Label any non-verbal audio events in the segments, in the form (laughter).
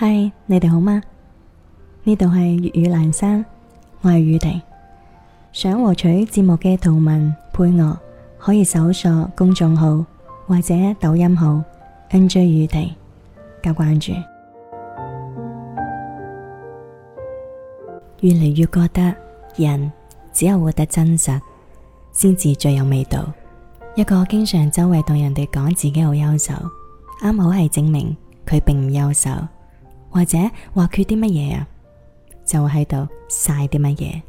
嗨，Hi, 你哋好嗎？呢度係粵語闌珊，我係宇婷。想獲取節目嘅圖文配樂，可以搜索公眾號或者抖音號 NJ 宇婷加關注。越嚟越覺得人只有活得真實，先至最有味道。一個經常周圍同人哋講自己好優秀，啱好係證明佢並唔優秀。或者話缺啲乜嘢啊就會喺度晒啲乜嘢。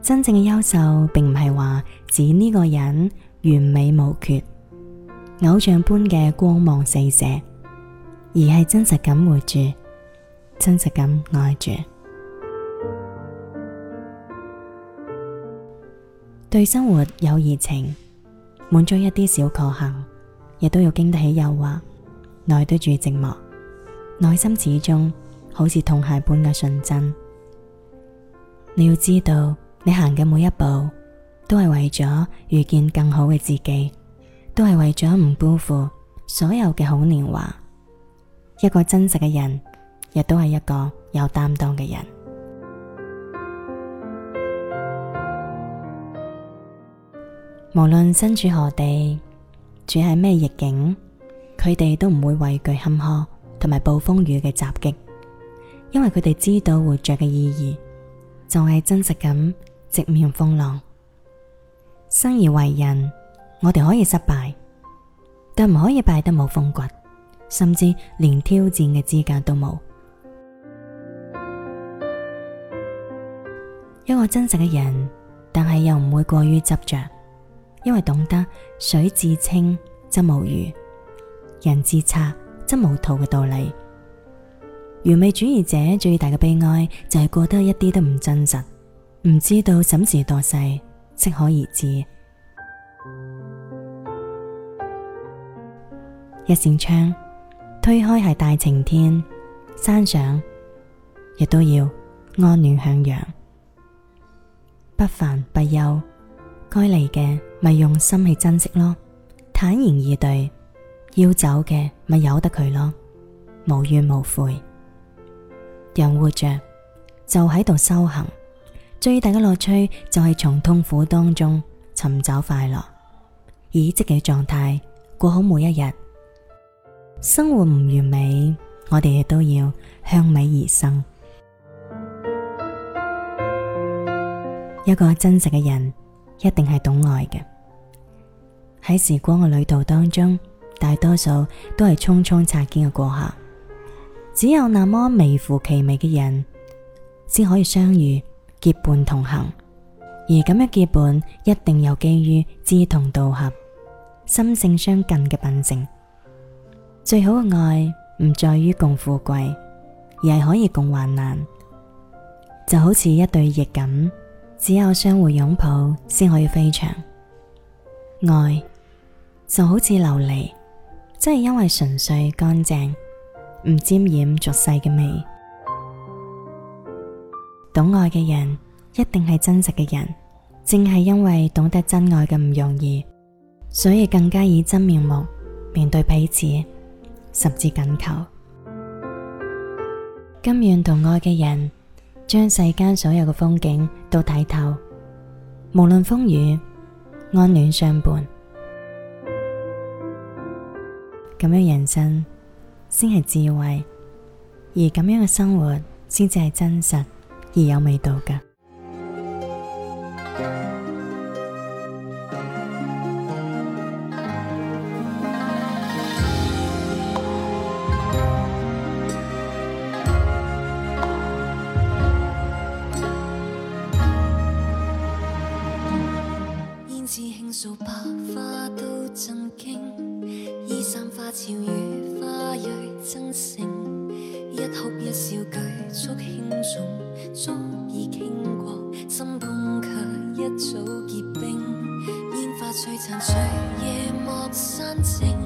真正嘅優秀，並唔係話指呢個人完美無缺，偶像般嘅光芒四射，而係真實咁活住，真實咁愛住， (music) 對生活有熱情，滿足一啲小確幸，亦都要經得起誘惑。耐得住寂寞，內心始終好似孩童般嘅純真。你要知道，你行嘅每一步，都係為咗遇見更好嘅自己，都係為咗唔辜負所有嘅好年華。一個真實嘅人，亦都係一個有擔當嘅人。 (music) 無論身處何地，住喺咩逆境。佢哋都唔會畏懼坎坷同埋暴風雨嘅襲擊，因為佢哋知道活着嘅意義就係、是、真實咁直面風浪。生而為人，我哋可以失敗，但唔可以敗得冇風骨，甚至連挑戰嘅資格都冇。一個真實嘅人，但係又唔會過於執着，因為懂得水至清則無魚。人至察，則無徒嘅道理，完美主義者最大嘅悲哀就係、是、過得一啲都唔真實，唔知道審時度勢適可而止。 (music) 一扇窗推開係大晴天，山上亦都要安暖向陽，不煩不憂，該嚟嘅咪用心去珍惜咯，坦然而對。要走嘅咪由得佢咯，無怨無悔。人活着就喺度修行，最大嘅樂趣就係從痛苦當中尋找快樂，以積極嘅狀態過好每一日。生活唔完美，我哋亦都要向美而生。 (music) 一個真實嘅人，一定係懂愛嘅。喺時光嘅旅途當中。大多數都係匆匆擦肩嘅過客，只有那麼微乎其微嘅人，先可以相遇結伴同行。而咁樣結伴，一定有基於志同道合、心性相近嘅品性。最好嘅愛唔在於共富貴，而係可以共患難。就好似一對翼咁，只有相互擁抱先可以飛翔。愛就好似琉璃。真係因為純粹乾淨，唔沾染俗世嘅味。懂愛嘅人，一定係真實嘅人，正係因為懂得真愛嘅唔容易，所以更加以真面目面對彼此，十指緊扣。甘願同愛嘅人，將世間所有嘅風景都睇透，無論風雨，安暖相伴。咁樣人生先係智慧，而咁樣嘅生活先至係真實而有味道噶。 (music) 朝雨花蕊爭勝，一哭一笑舉足輕重，足以傾國。心痛却一早結冰，煙花璀璨隨夜幕散靜。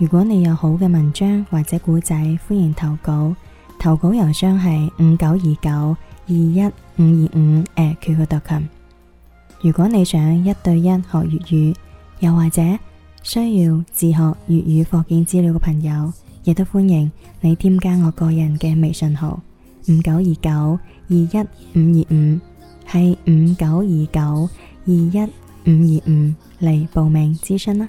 如果你有好嘅文章或者古仔，歡迎投稿。投稿郵箱係五九二九二一五二五 @qq.com。如果你想一對一學粵語，又或者需要自學粵語課件資料嘅朋友，亦都歡迎你添加我個人嘅微信號五九二九二一五二五，係五九二九二一五二五嚟報名諮詢啦。